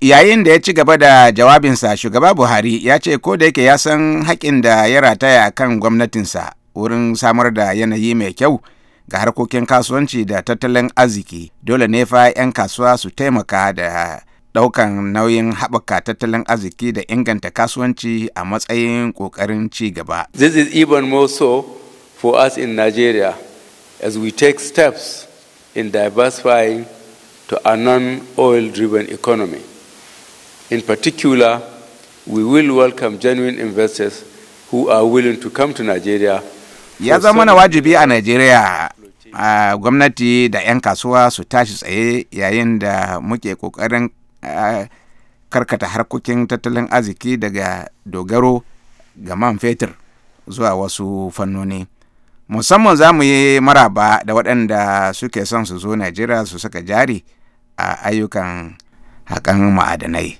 yayin da ya ci gaba da jawabinsa shugaba buhari ya ce ko da yake ya san haƙin da ya rataya kan gwamnatinsa wurin samar da yanayi mai kyau ga harkokin kasuwanci da tattalin arziki dole ne fa 'yan kasuwa su taimaka da ɗaukan nauyin haɓaka tattalin arziki da inganta kasuwanci a matsayin ƙoƙarin ci gaba. This is even more so for us in Nigeria as we take steps in diversifying to a non-oil driven economy. In particular, we will welcome genuine investors who are willing to come to Nigeria. Ya zama na wajibi a nigeria a gwamnati da 'yan kasuwa su tashi tsaye yayin da muke kokarin karkata harkokin tattalin arziki daga dogaro ga man fetur zuwa wasu fannoni. Musamman za mu yi maraba da waɗanda suke son su zo Najeriya su saka jari a ayyukan haƙan ma'adanai.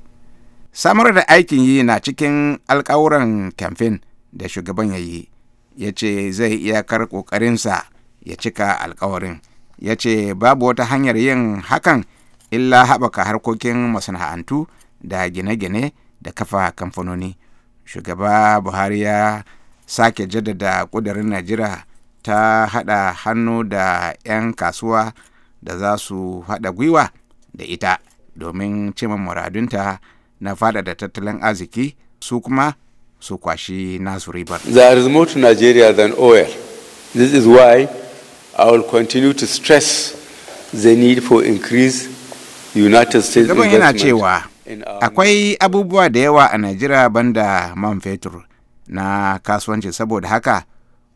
samar da aikin yi na cikin alkawuran kamfen da shugaban ya yi ya ce zai iyakar ƙoƙarinsa ya cika alkawarin ya ce babu wata hanyar yin hakan illa haɓaka harkokin masana'antu da gine-gine da kafa kamfanoni shugaba buhari ya sake jaddada ƙudurin najeriya ta haɗa hannu da 'yan kasuwa da za su haɗa gwiwa da ita domin cimma muradunta na fada da tattalin arziki su kuma su kwashi nasu ribar. There is more to Nigeria than oil. This is why I will continue to stress the need for increased United States investment. yana cewa akwai abubuwa da yawa a Najeriya banda man fetur na kasuwanci saboda haka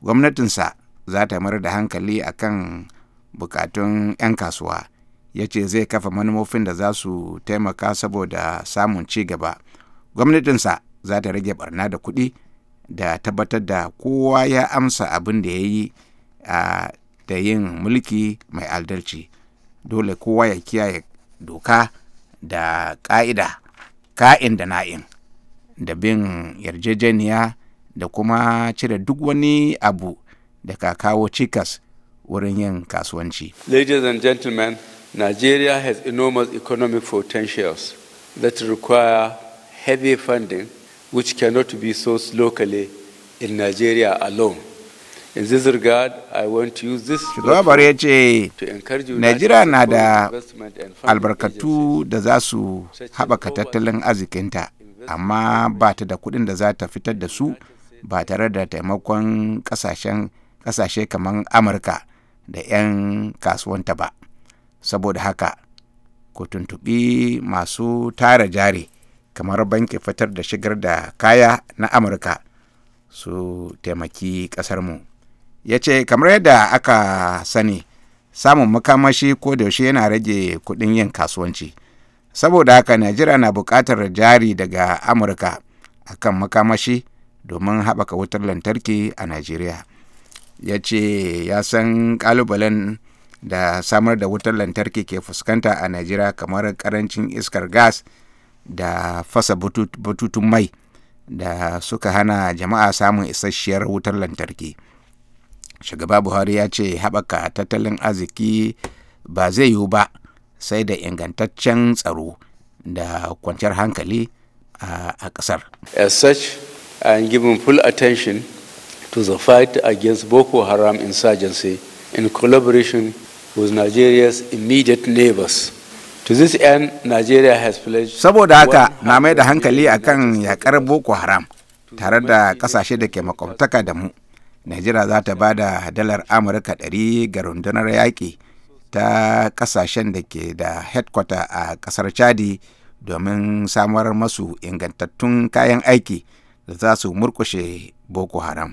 gwamnatinsa za ta mayar da hankali akan bukatun 'yan kasuwa. ya ce zai kafa manufofin da za su taimaka saboda samun ci gaba gwamnatinsa za ta rage barna da kuɗi da tabbatar da kowa ya amsa abin da ya yi da yin mulki mai aldarci dole kowa ya kiyaye doka da ƙa'ida ka'in da na'in da bin yarjejeniya da kuma cire duk wani abu da ka kawo cikas wurin yin kasuwanci. Ladies and gentlemen, Nigeria has enormous economic potentials that require heavy funding which cannot be sourced locally in Nigeria alone. In this regard, I want to use this Shugaba ya ce, nigeria na da albarkatu da za su haɓaka tattalin arzikinta, amma ba ta da kuɗin da za ta fitar da su ba tare da taimakon ƙasashe kamar Amurka da 'yan kasuwanta ba. saboda haka ku tuntuɓi masu tara jari kamar banki fitar da shigar da kaya na amurka su taimaki ƙasarmu ya ce kamar yadda aka sani samun makamashi ko da yaushe yana rage kuɗin yin kasuwanci saboda haka najeriya na buƙatar jari daga amurka akan makamashi domin haɓaka wutar lantarki a najeriya ya ce ya san ƙalubalen da samar da wutar lantarki ke fuskanta a najeriya kamar karancin iskar gas da fasa bututun mai da suka hana jama'a samun isasshiyar wutar lantarki shugaba buhari ya ce haɓaka tattalin arziki ba zai yiwu ba sai da ingantaccen tsaro da kwanciyar hankali a ƙasar as such i am giving full attention to the fight against boko haram insurgency in collaboration with Nigeria's immediate neighbors. To this end, Nigeria has pledged Saboda haka na mai da hankali akan yakar Boko Haram tare da kasashe da ke makwabtaka da mu. Najeriya za ta ba da dalar Amurka 100 ga rundunar yaƙi ta kasashen da ke da headquarter a ƙasar Chadi domin samar masu ingantattun kayan aiki da za su murkushe Boko Haram.